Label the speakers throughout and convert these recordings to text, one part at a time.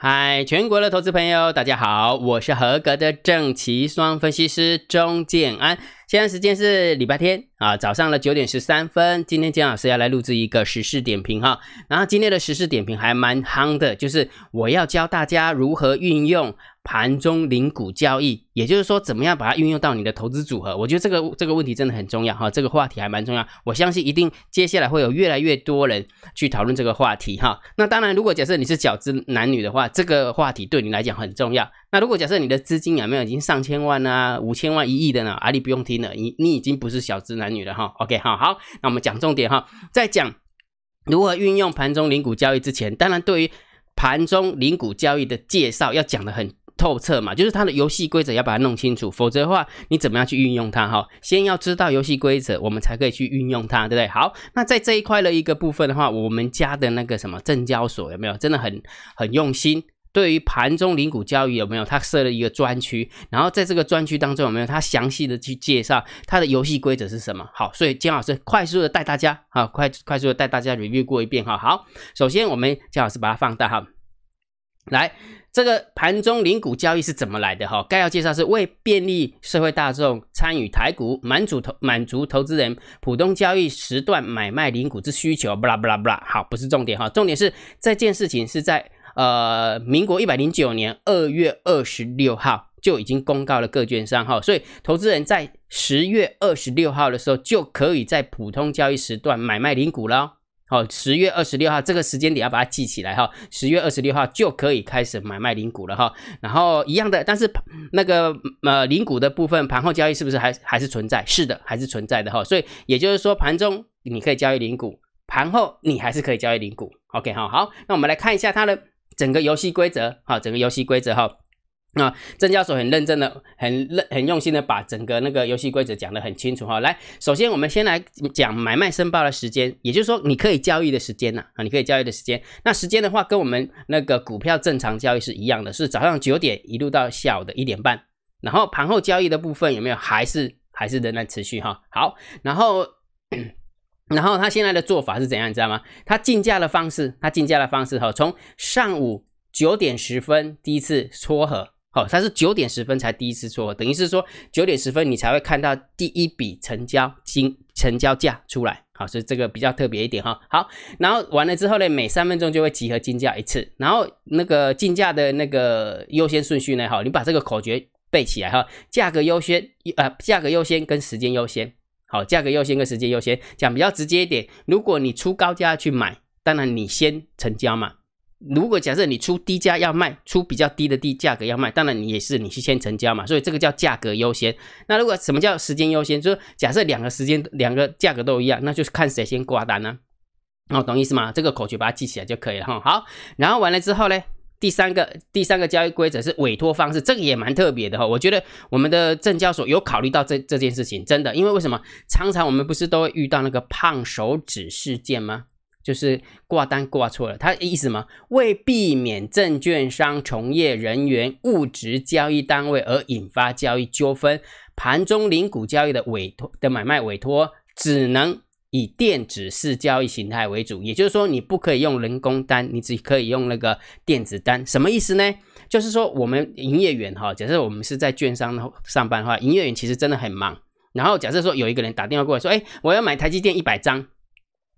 Speaker 1: 嗨，Hi, 全國的投資朋友，大家好，我是合格的證期雙分析師鍾建安。現在時間是禮拜天啊，早上的九點十三分。今天薑老師要來錄制一個時事點評哈，然後今天的時事點評還蠻夯的，就是我要教大家如何運用。盤中零股交易，也就是說，怎麼樣把它運用到你的投資組合？我覺得這個這個問題真的很重要哈，這個話題還蠻重要。我相信一定接下來會有越來越多人去討論這個話題哈。那當然，如果假設你是小資男女的話，這個話題對你來講很重要。那如果假設你的資金有沒有已經上千萬呢、啊？五千萬、一億的呢？啊，你不用聽了，你你已經不是小資男女了哈。OK，好好，那我們講重點哈，在講如何運用盤中零股交易之前，當然對於盤中零股交易的介紹要講的很。透徹嘛，就是它的遊戲規則要把它弄清楚，否則的話，你怎麼樣去運用它？哈，先要知道遊戲規則，我們才可以去運用它，對不對？好，那在這一塊的一個部分的話，我們家的那個什麼證交所有沒有，真的很很用心，對於盤中零股交易有沒有？它設了一個專區，然後在這個專區當中有沒有它詳細的去介紹它的遊戲規則是什麼？好，所以金老師快速的帶大家啊，快快速的帶大家 review 過一遍哈。好，首先我們金老師把它放大哈，來，這個盤中零股交易是怎麼來的哦？哈，概要介紹是為便利社會大眾參與台股，滿足投滿足投資人普通交易時段買賣零股之需求。不啦不啦不啦，好，不是重點哈，重點是這件事情是在呃民國一百零九年二月二十六號就已經公告了各券商哈，所以投資人在十月二十六號的時候就可以在普通交易時段買賣零股了哦。哦，十月二十六號這個時間點要把它記起來哈，十月二十六號就可以開始買賣零股了哈。然後一樣的，但是那個呃零股的部分盤後交易是不是還還是存在？是的，還是存在的哈。所以也就是說，盤中你可以交易零股，盤後你還是可以交易零股。OK，好，好，那我們來看一下它的整個遊戲規則哈，整個遊戲規則哈。啊、呃，鄭教授很認真的、很認、很用心的把整個那個遊戲規則講得很清楚哈、哦。來，首先我們先來講買賣申報的時間，也就是說你可以交易的時間吶、啊。啊，你可以交易的時間。那時間的話跟我們那個股票正常交易是一樣的，是早上九點一路到下午的一點半。然後盤後交易的部分有沒有？還是還是仍然持續哈、哦。好，然後、嗯、然後他現在的做法是怎樣？你知道嗎？他競價的方式，他競價的方式哈、哦，從上午九點十分第一次撮合。好、哦，它是九點十分才第一次做，等於是說，九點十分你才會看到第一筆成交金成交價出來，好，所以這個比較特別一點哈。好，然後完了之後呢，每三分鐘就會集合競價一次，然後那個競價的那個優先順序呢，好，你把這個口訣背起來哈，價格優先，呃，價格優先跟時間優先，好，價格優先跟時間優先講比較直接一點，如果你出高價去買，當然你先成交嘛。如果假設你出低價要賣，出比較低的低價格要賣，當然你也是你去先成交嘛，所以這個叫價格優先。那如果什麼叫時間優先，就是假設兩個時間，兩個價格都一樣，那就是看誰先掛單呢、啊？哦，懂意思嗎？這個口訣把它記起來就可以了哈。好，然後完了之後呢，第三個第三個交易規則是委托方式，這個也蠻特別的哈、哦。我覺得我們的證交所有考慮到這這件事情，真的，因為為什麼？常常我們不是都會遇到那個胖手指事件嗎？就是掛單掛錯了，他意思什麼？為避免證券商從業人員誤植交易單位而引發交易糾紛，盤中零股交易的委託的買賣委託只能以電子式交易形態為主，也就是說你不可以用人工單，你只可以用那個電子單。什麼意思呢？就是說我們營業員哈，假設我們是在券商上班的話，營業員其實真的很忙。然後假設說有一個人打電話過來說，哎，我要買台積電一百張。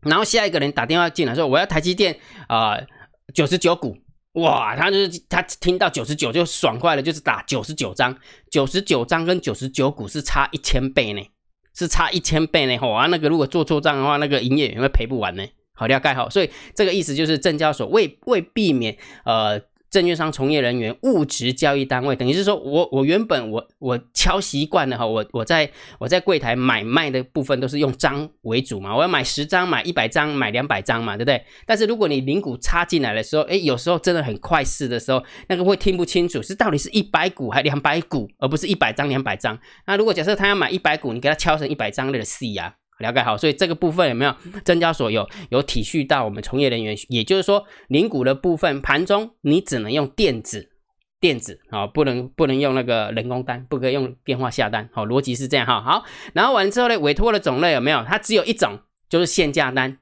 Speaker 1: 然後下一個人打電話進來，說我要台積電啊，九十九股哇！他就是他聽到九十九就爽快了，就是打九十九張，九十九張跟九十九股是差一千倍呢，是差一千倍呢。吼、哦，啊，那個如果做錯賬的話，那個營業員會賠不完呢。好，要蓋好，所以這個意思就是證，證交所為為避免呃。證券商從業人員、物質交易單位，等於是說我我原本我我敲習慣了哈，我我在我在櫃檯買賣的部分都是用張為主嘛，我要買十張、買一百張、買兩百張嘛，對不對？但是如果你零股插進來的時候，誒、欸、有時候真的很快速的時候，那個會聽不清楚是到底是一百股還是兩百股，而不是一百張兩百張。那如果假設他要買一百股，你給他敲成一百張了是呀。那個了解好，所以這個部分有沒有？證交所有有體恤到我們從業人員，也就是說，零股的部分盤中你只能用電子電子啊，不能不能用那個人工單，不可以用電話下單。好，邏輯是這樣哈。好，然後完之後呢，委托的種類有沒有？它只有一種，就是限價單。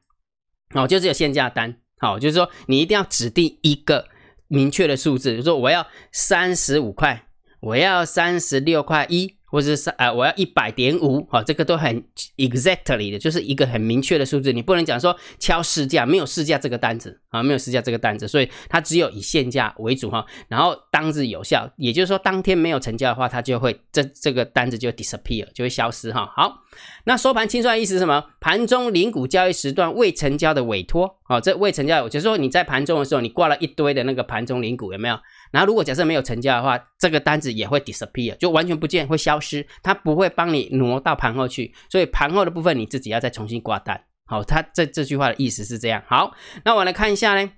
Speaker 1: 哦，就只有限價單。好，就是說你一定要指定一個明確的數字，就說我要三十五塊，我要三十六塊一。或者是啊，我要一百點五啊，這個都很 exactly 的，就是一個很明確的數字。你不能講說敲市價，沒有市價這個單子啊，沒有市價這個單子，所以它只有以限價為主哈。然後當日有效，也就是說當天沒有成交的話，它就會這這個單子就 disappear 就會消失哈。好，那收盤清算的意思是什麼？盤中零股交易時段未成交的委托啊，這未成交，我就是說你在盤中的時候你掛了一堆的那個盤中零股有沒有？然後，如果假設沒有成交的話，這個單子也會 disappear，就完全不見，會消失。它不會幫你挪到盤後去，所以盤後的部分你自己要再重新掛單。好，它這這句話的意思是這樣。好，那我來看一下呢，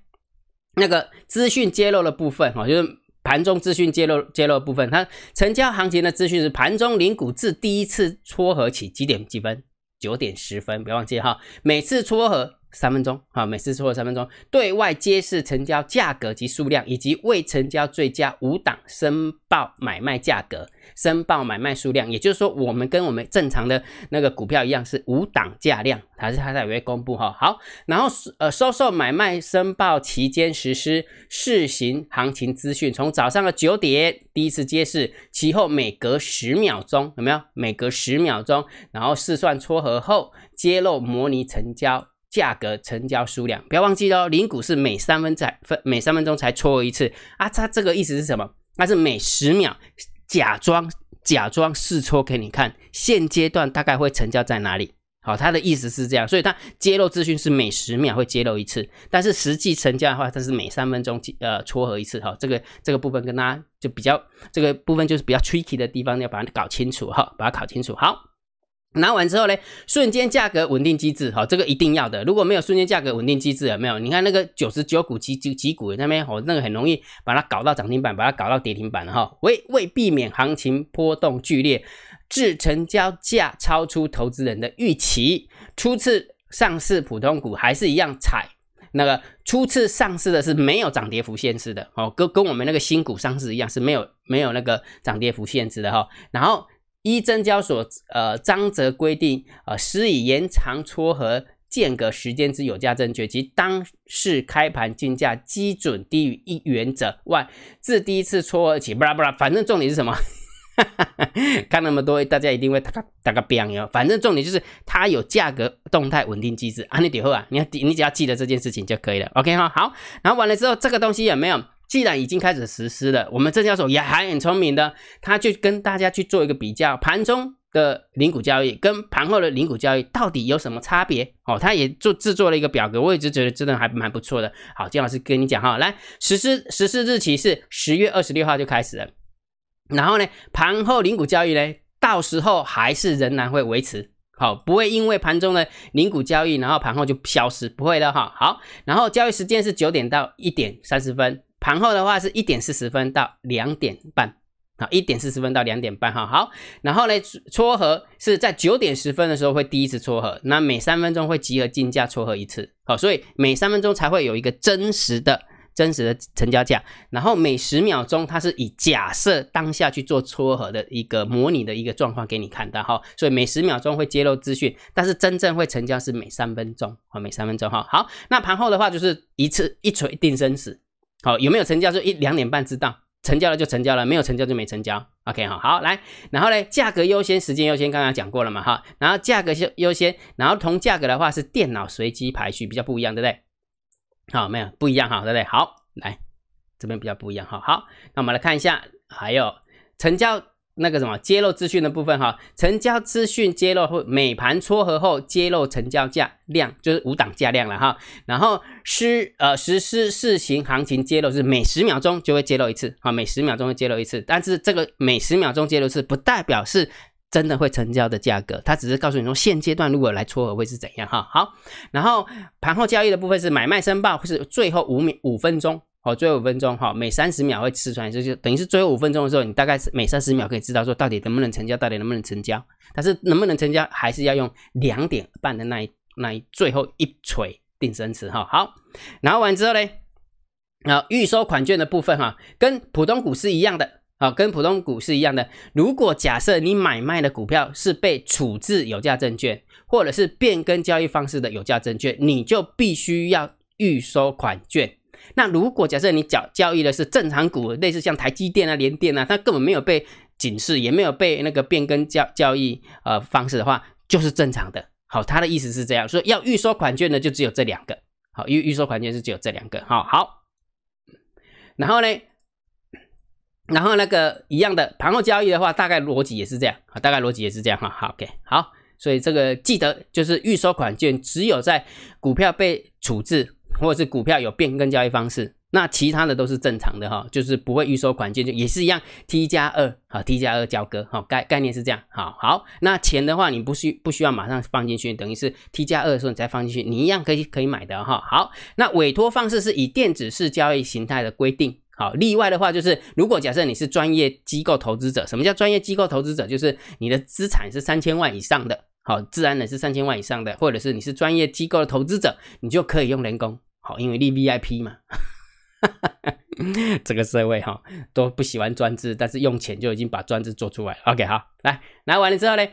Speaker 1: 那個資訊揭露的部分哈，就是盤中資訊揭露揭露的部分。它成交行情的資訊是盤中零股至第一次撮合起幾點幾分？九點十分，不要忘記哈。每次撮合。三分鐘，好，每次撮合三分鐘，對外揭示成交價格及數量，以及未成交最佳五檔申報買賣價格、申報買賣數量，也就是說，我們跟我們正常的那個股票一樣，是五檔價量，還是還在也會公布哈？好，然後呃，收受買賣申報期間實施試行行情資訊，從早上的九點第一次揭示，其後每隔十秒鐘有沒有？每隔十秒鐘，然後試算撮合後揭露模擬成交。價格、成交數量，不要忘記哦。零股是每三分在，分，每三分鐘才撮合一次啊。他這個意思是什麼？它是每十秒假裝假裝試撮給你看。現階段大概會成交在哪裡？好，他的意思是這樣。所以他揭露資訊是每十秒會揭露一次，但是實際成交的話，它是每三分鐘呃撮合一次哈、哦。這個這個部分跟大家就比較這個部分就是比較 tricky 的地方，要把它搞清楚哈、哦，把它搞清楚好。拿完之後呢，瞬間價格穩定機制，哈，這個一定要的。如果沒有瞬間價格穩定機制，沒有，你看那個九十九股、幾幾幾股的那邊，哦，那個很容易把它搞到漲停板，把它搞到跌停板哈。為為避免行情波動劇烈，致成交價超出投資人的預期，初次上市普通股還是一樣踩那個初次上市的是沒有漲跌幅限制的哦，跟跟我們那個新股上市一樣是沒有沒有那個漲跌幅限制的哈。然後。一證交所呃，章則規定，呃，施以延長撮合間隔時間之有價證券，及當市開盤均價基準低於一元者，外自第一次撮合起，不拉不拉，反正重點是什麼？ 看那麼多，大家一定會打個打個邊喲。反正重點就是它有價格動態穩定機制。啊，你以後啊，你你只要記得這件事情就可以了。OK 哈，好，然後完了之後，這個東西有沒有？既然已經開始實施了，我們鄭教授也還很聰明的，他就跟大家去做一個比較，盤中的零股交易跟盤後的零股交易到底有什麼差別？哦，他也做製作了一個表格，我一直覺得真的還蠻不錯的。好，金老師跟你講哈，來，實施，實施日期是十月二十六號就開始了，然後呢，盤後零股交易呢，到時候還是仍然會維持，好，不會因為盤中的零股交易，然後盤後就消失，不會的哈。好，然後交易時間是九點到一點三十分。盤後的話是一點四十分到兩點半，好，一點四十分到兩點半，哈，好，然後呢，撮合是在九點十分的時候會第一次撮合，那每三分鐘會集合競價撮合一次，好，所以每三分鐘才會有一個真實的、真實的成交價，然後每十秒鐘它是以假設當下去做撮合的一個模擬的一個狀況給你看的，哈，所以每十秒鐘會揭露資訊，但是真正會成交是每三分鐘，好，每三分鐘，哈，好，好，那盤後的話就是一次一錘定生死。好，有沒有成交就一兩點半知道，成交了就成交了，沒有成交就沒成交。OK，好，好來，然後呢，價格優先，時間優先，剛剛講過了嘛，好，然後價格優優先，然後同價格的話是電腦隨機排序，比較不一樣，對不對？好，沒有不一樣哈，對不對？好，來這邊比較不一樣哈，好，那我們來看一下，還有成交。那個什麼揭露資訊的部分哈，成交資訊揭露後，每盤撮合後揭露成交價量，就是五檔價量了哈。然後施呃實施試行行情揭露是每十秒鐘就會揭露一次哈，每十秒鐘會揭露一次。但是這個每十秒鐘揭露是不代表是真的會成交的價格，它只是告訴你說現階段如果來撮合會是怎樣哈。好，然後盤後交易的部分是買賣申報，是最後五秒五分鐘。哦，最後五分鐘，哈，每三十秒會吃穿一次，就等於是最後五分鐘的時候，你大概是每三十秒可以知道說到底能不能成交，到底能不能成交。但是能不能成交，還是要用兩點半的那一那一最後一錘定生死，哈。好，拿完之後呢，那預收款券的部分，哈，跟普通股是一樣的，啊，跟普通股是一樣的。如果假設你買賣的股票是被處置有價證券，或者是變更交易方式的有價證券，你就必須要預收款券。那如果假設你交交易的是正常股，類似像台積電啊、聯電啊，它根本沒有被警示，也沒有被那個變更交交易呃方式的話，就是正常的。好，他的意思是這樣說，所以要預收款券的就只有這兩個。好，預預收款券是只有這兩個。好，好。然後呢，然後那個一樣的盤後交易的話，大概邏輯也是這樣。好，大概邏輯也是這樣。哈，好，OK，好。所以這個記得就是預收款券只有在股票被處置。或者是股票有變更交易方式，那其他的都是正常的哈，就是不會預收款，就就也是一樣，T 加二好，T 加二交割好，概概念是這樣好，好，那錢的話你不需不需要馬上放進去，等於是 T 加二的時候你再放進去，你一樣可以可以買的哈，好，那委託方式是以電子式交易形態的規定好，例外的話就是如果假設你是專業機構投資者，什麼叫專業機構投資者？就是你的資產是三千萬以上的，好，自然人是三千萬以上的，或者是你是專業機構的投資者，你就可以用人工。因為立 VIP 嘛，這個社會哈都不喜歡專制，但是用錢就已經把專制做出來了。OK 哈，來拿完了之後呢，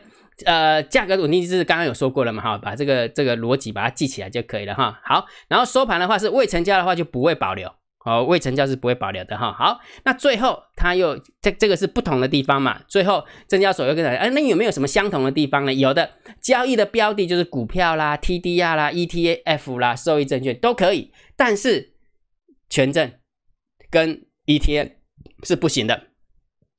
Speaker 1: 呃，價格穩定機制剛剛有說過了嘛哈，把這個這個邏輯把它記起來就可以了哈。好，然後收盤的話是未成交的話就不會保留。哦，未成交是不會保留的哈。好，那最後他又這這個是不同的地方嘛？最後，證交所又跟他說：“哎、啊，那有沒有什麼相同的地方呢？”有的，交易的標的就是股票啦、TDR 啦、ETF 啦、受益證券都可以，但是權證跟 ETN 是不行的。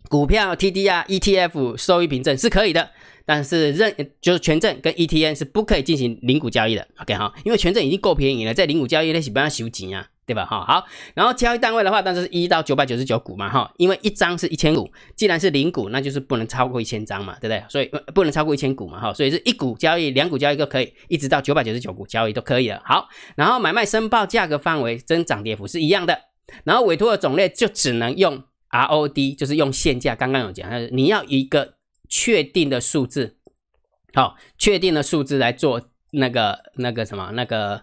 Speaker 1: 股票、TDR、ETF、受益憑證是可以的，但是認就是權證跟 ETN 是不可以進行零股交易的。OK，哈，因為權證已經夠便宜了，在零股交易那是不要收錢啊。對吧？哈，好，然後交易單位的話，但是是一到九百九十九股嘛，哈，因為一張是一千股，既然是零股，那就是不能超過一千張嘛，對不對？所以不能超過一千股嘛，哈，所以是一股交易，兩股交易都可以，一直到九百九十九股交易都可以了。好，然後買賣申報價格範圍、跟漲跌幅是一樣的，然後委託的種類就只能用 ROD，就是用限價，剛剛有講，你要一個確定的數字，好，哦，確定的數字來做那個那個什麼那個。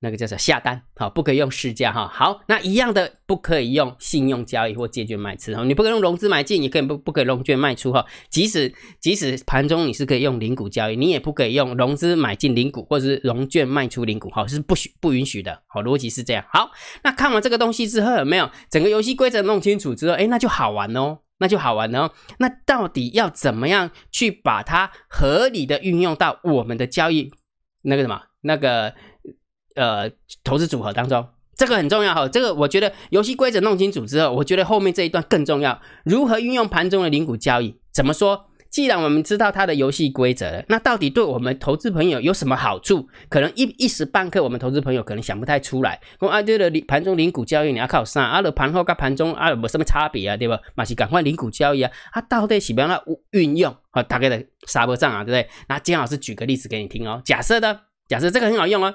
Speaker 1: 那個叫做下單，好，不可以用市價哈。好，那一樣的不可以用信用交易或借券賣出，你不可以用融資買進，你可以不不可以融券賣出哈。即使即使盤中你是可以用零股交易，你也不可以用融資買進零股，或者是融券賣出零股哈，是不許不允許的。好，邏輯是這樣。好，那看完這個東西之後，有沒有整個遊戲規則弄清楚之後，欸，那就好玩哦，那就好玩哦。那到底要怎麼樣去把它合理的運用到我們的交易那個什麼那個？呃，投資組合當中，這個很重要哈、哦。這個我覺得遊戲規則弄清楚之後，我覺得後面這一段更重要。如何運用盤中的零股交易？怎麼說？既然我們知道它的遊戲規則了，那到底對我們投資朋友有什麼好處？可能一一時半刻，我們投資朋友可能想不太出來。我啊，對盤中零股交易你要靠上，啊，盤後跟盤中啊，沒什麼差別啊，對吧？嘛是趕快零股交易啊，它、啊、到底怎樣運用？啊、哦，大概的沙波賬啊，對不對？那金老師舉個例子給你聽哦，假設的，假設這個很好用哦。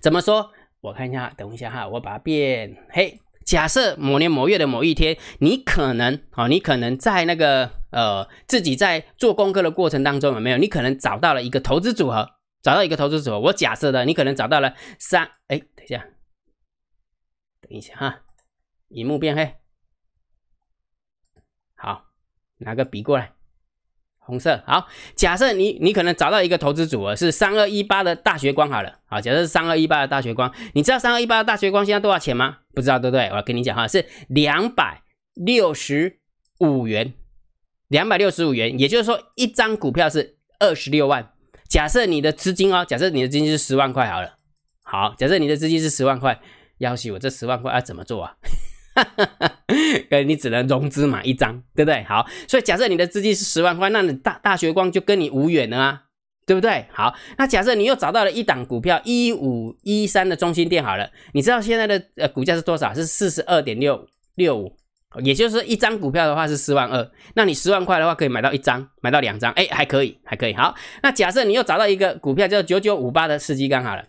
Speaker 1: 怎麼說？我看一下，等一下哈，我把它變黑。假設某年某月的某一天，你可能啊、哦，你可能在那個呃，自己在做功課的過程當中，有沒有？你可能找到了一個投資組合，找到一個投資組合。我假設的，你可能找到了三。哎，等一下，等一下哈，螢幕變黑。好，拿個筆過來。紅色好，假設你你可能找到一個投資組合是三二一八的大學光好了啊，假設是三二一八的大學光，你知道三二一八的大學光現在多少錢嗎？不知道對不對？我跟你講哈，是兩百六十五元，兩百六十五元，也就是說一張股票是二十六萬。假設你的資金哦，假設你的資金是十萬塊好了，好，假設你的資金是十萬塊，要是我這十萬塊要怎麼做啊？哈哈哈。哎，你只能融資買一張，對不對？好，所以假設你的資金是十萬塊，那你大大學光就跟你無緣了啊，對不對？好，那假設你又找到了一檔股票一五一三的中興電好了，你知道現在的呃股價是多少？是四十二點六六五，也就是說一張股票的話是四萬二，那你十萬塊的話可以買到一張，買到兩張，哎，還可以，還可以。好，那假設你又找到一個股票叫九九五八的世紀鋼好了，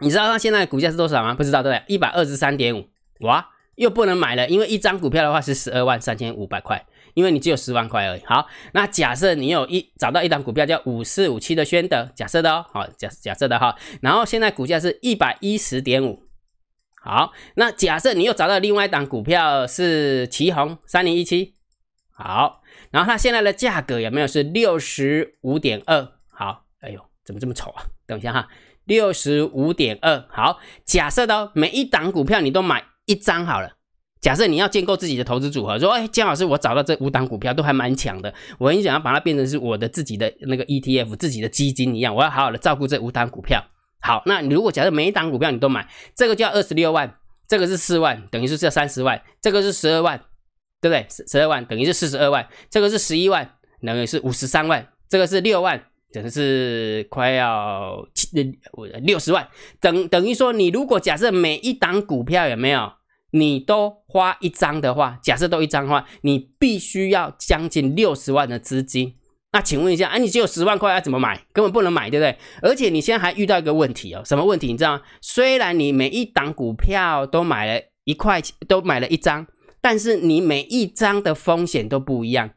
Speaker 1: 你知道它現在的股價是多少嗎？不知道，對不對？一百二十三點五哇！又不能買了，因為一張股票的話是十二萬三千五百塊，因為你只有十萬塊而已。好，那假設你有一找到一檔股票叫五四五七的宣德，假設的哦，好、哦、假假設的哈、哦。然後現在股價是一百一十點五。好，那假設你又找到另外一檔股票是奇鋐三零一七。17, 好，然後它現在的價格有沒有是六十五點二？好，哎呦，怎麼這麼醜啊？等一下哈，六十五點二。好，假設的哦，每一檔股票你都買。一張好了，假設你要建構自己的投資組合，說，哎，江老師，我找到這五檔股票都還蠻強的，我很想要把它變成是我的自己的那個 ETF、自己的基金一樣，我要好好的照顧這五檔股票。好，那你如果假設每一檔股票你都買，這個就要二十六萬，這個是四萬，等於是這三十萬，這個是十二萬，對不對？十二萬等於是四十二萬，這個是十一萬，等於是五十三萬，這個是六萬，等於是快要七呃六十萬，等等於說，你如果假設每一檔股票有沒有？你都花一張的話，假設都一張的話，你必須要將近六十萬的資金。那請問一下，哎、啊，你只有十萬塊，要、啊、怎麼買？根本不能買，對不對？而且你現在還遇到一個問題哦，什麼問題？你知道嗎？雖然你每一檔股票都買了一塊錢，都買了一張，但是你每一張的風險都不一樣。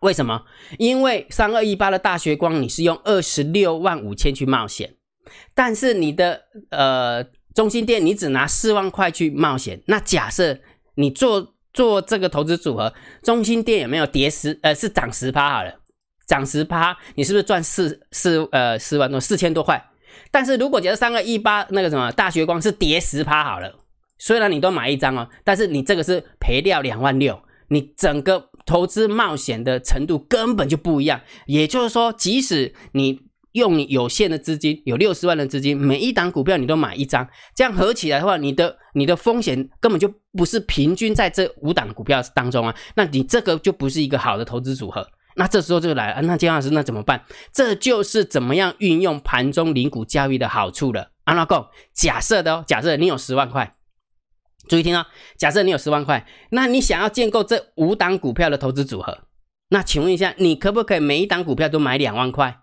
Speaker 1: 為什麼？因為三二一八的大學光，你是用二十六萬五千去冒險，但是你的呃。中心店，你只拿四萬塊去冒險。那假設你做做這個投資組合，中心店有沒有跌十，呃，是漲十趴好了，漲十趴，你是不是賺四四呃四萬多四千多塊？但是如果假設三個一八那個什麼大學光是跌十趴好了，雖然你都買一張哦，但是你這個是賠掉兩萬六，你整個投資冒險的程度根本就不一樣。也就是說，即使你。用你有限的資金，有六十萬的資金，每一檔股票你都買一張，這樣合起來的話，你的你的風險根本就不是平均在這五檔股票當中啊，那你這個就不是一個好的投資組合。那這時候就來了，那金老師那怎麼辦？這就是怎麼樣運用盤中領股交易的好處了啊。那哥，假設的哦，假設你有十萬塊，注意聽啊、哦，假設你有十萬塊，那你想要建構這五檔股票的投資組合，那請問一下，你可不可以每一檔股票都買兩萬塊？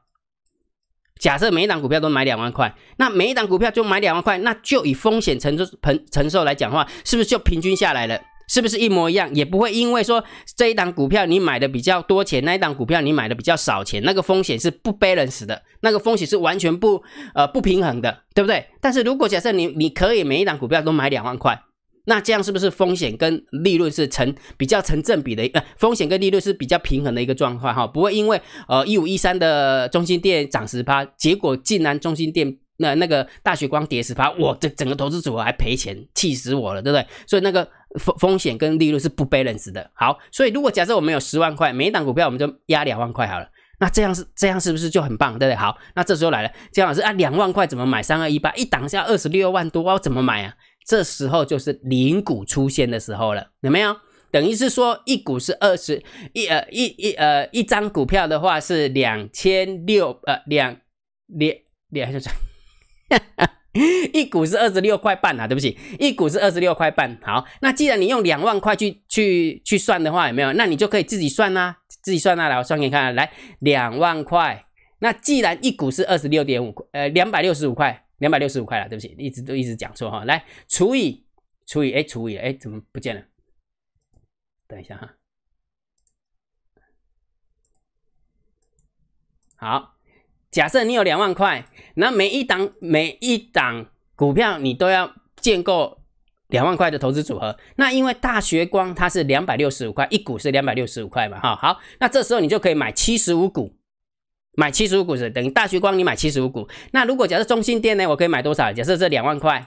Speaker 1: 假設每一檔股票都買兩萬塊，那每一檔股票就買兩萬塊，那就以風險承受承承受來講的話，是不是就平均下來了？是不是一模一樣？也不會因為說這一檔股票你買的比較多錢，那一檔股票你買的比較少錢，那個風險是不 balance 的，那個風險是完全不，呃，不平衡的，對不對？但是如果假設你你可以每一檔股票都買兩萬塊。那這樣是不是風險跟利潤是成比較成正比的？呃，風險跟利潤是比較平衡的一個狀況哈、哦，不會因為呃一五一三的中興電漲十趴，結果竟然中興電那、呃、那個大學光跌十趴，我這整個投資組合還賠錢，氣死我了，對不對？所以那個風風險跟利潤是不 balance 的。好，所以如果假設我們有十萬塊，每一檔股票我們就壓兩萬塊好了，那這樣是這樣是不是就很棒，對不對？好，那這時候來了，建安老師啊，兩萬塊怎麼買？三二一八，一檔是二十六萬多，我怎麼買啊？這時候就是零股出現的時候了，有沒有？等於是說，一股是二十一呃一一呃一張股票的話是 26,、呃、兩千六呃兩兩兩哈哈，一股是二十六塊半啊，對不起，一股是二十六塊半。好，那既然你用兩萬塊去去去算的話，有沒有？那你就可以自己算啦、啊，自己算啊，來，我算給你看啊，來兩萬塊，那既然一股是二十六點五塊呃兩百六十五塊。兩百六十五塊了，對不起，一直都一直講錯哈。來，除以除以哎，除以哎，怎麼不見了？等一下哈。好，假設你有兩萬塊，那每一檔每一檔股票你都要建構兩萬塊的投資組合。那因為大學光它是兩百六十五塊，一股是兩百六十五塊嘛哈。好，那這時候你就可以買七十五股。買七十五股是等於大學光，你買七十五股。那如果假設中信店呢，我可以買多少？假設這兩萬塊，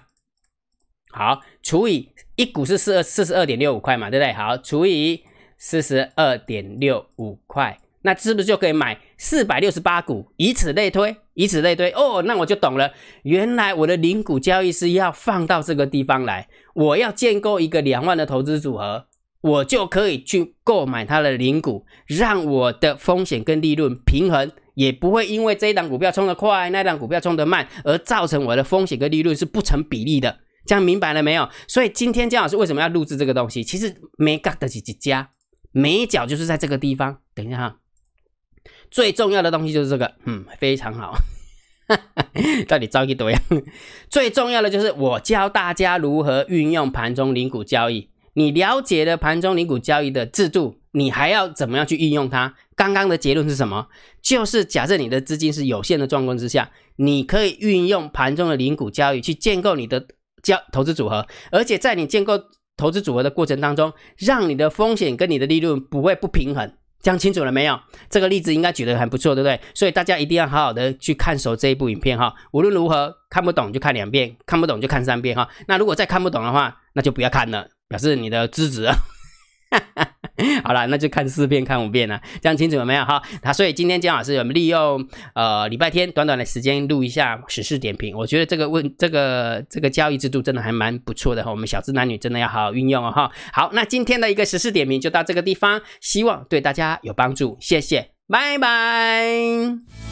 Speaker 1: 好除以一股是四二四十二點六五塊嘛，對不對？好除以四十二點六五塊，那是不是就可以買四百六十八股？以此類推，以此類推。哦，那我就懂了。原來我的零股交易是要放到這個地方來。我要建構一個兩萬的投資組合，我就可以去購買它的零股，讓我的風險跟利潤平衡。也不會因為這一檔股票衝得快，那一檔股票衝得慢而造成我的風險跟利潤是不成比例的，這樣明白了沒有？所以今天江老師為什麼要錄製這個東西？其實沒割的幾家，每一腳就是在這個地方。等一下哈，最重要的東西就是這個，嗯，非常好。哈哈，到底着急多呀？最重要的就是我教大家如何運用盤中領股交易，你了解了盤中領股交易的制度。你還要怎麼樣去運用它？剛剛的結論是什麼？就是假設你的資金是有限的狀況之下，你可以運用盤中的零股交易去建構你的交投資組合，而且在你建構投資組合的過程當中，讓你的風險跟你的利潤不會不平衡。講清楚了沒有？這個例子應該舉得很不錯，對不對？所以大家一定要好好的去看熟這一部影片哈。無論如何看不懂就看兩遍，看不懂就看三遍哈。那如果再看不懂的話，那就不要看了，表示你的資質了。哈哈。 好啦，那就看四遍，看五遍了，啊，這樣清楚了沒有哈？那、啊、所以今天建安老師我們利用呃禮拜天短短的時間錄一下時事點評，我覺得這個問這個這個交易制度真的還蠻不錯的哈，我們小資男女真的要好好運用哦哈。好，那今天的一個時事點評就到這個地方，希望對大家有幫助，謝謝，拜拜。